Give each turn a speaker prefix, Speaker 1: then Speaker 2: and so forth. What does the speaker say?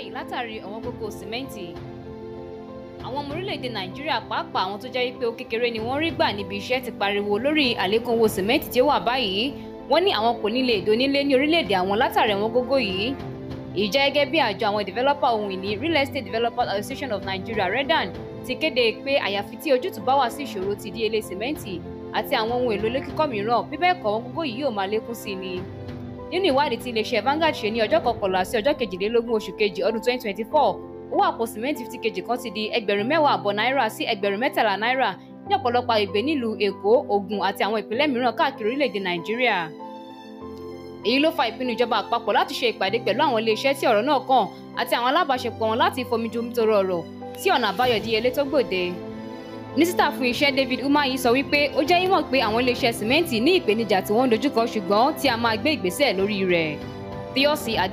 Speaker 1: báyìí látàrí ọ̀wọ́n gógó sìmẹ́ǹtì àwọn ọmọ orílẹ̀-èdè nàìjíríà pàápàá àwọn tó jẹ́ wípé ó kékeré ni wọ́n rí gbà níbi iṣẹ́ ti pariwo lórí àlékún owó sìmẹ́ǹtì tí ó wà báyìí wọ́n ní àwọn kò ní lè donílé ní orílẹ̀-èdè àwọn látàrí ọ̀wọ́n gógó yìí èyí gẹ́gẹ́ bí àjọ àwọn developer ohun ìní real estate developers association of nigeria redan ti kéde pé àyàfi tí ojútùú bá wà sí ìṣòro ti díyelé sìmẹ́ǹtì àti àwọn ohun èlò ilé kíkọ́ mìíràn bíbẹ́ẹ̀ kọ́ ọ̀wọ́n gógó yìí yóò máa lékún sí ni nínú ìwádìí tí iléeṣẹ́ Vanguard ṣe ní ọjọ́ kọkànlá sí ọjọ́ kejìlélógún oṣù kejì ọdún 2024 owó àpò sìmẹ́ǹtì fifty kg kan ti di ẹgbẹ̀rún mẹ́wàá àbọ̀ náírà sí ẹgbẹ̀rún mẹ́tàlá náírà ní ọ̀pọ̀lọpọ̀ àgbègbè nílùú Èkó Ògùn àti àwọn ìpínlẹ̀ mìíràn káàkiri orílẹ̀-èdè Nàìjíríà èyí ló fa ìpinnu ìjọba àpapọ̀ láti ṣe ìpàdé pẹ̀lú àwọn iléeṣẹ́ tí ọ̀rọ̀ náà kàn àti àwọn alábàáṣepọ̀ wọn láti fomijomitoro ọ̀rọ̀ sí ọ̀nà àbáyọ ìdíyelé tó gbòde mínísítà fún iṣẹ́ David Umahi sọ wípé ó jẹ́ ìmọ̀ pé àwọn iléeṣẹ́ sìmẹ́ǹtì ní ìpèníjà tí wọ́n ń dojúkọ ṣùgbọ́n tí a máa gbé ìgbésẹ̀ lórí rẹ̀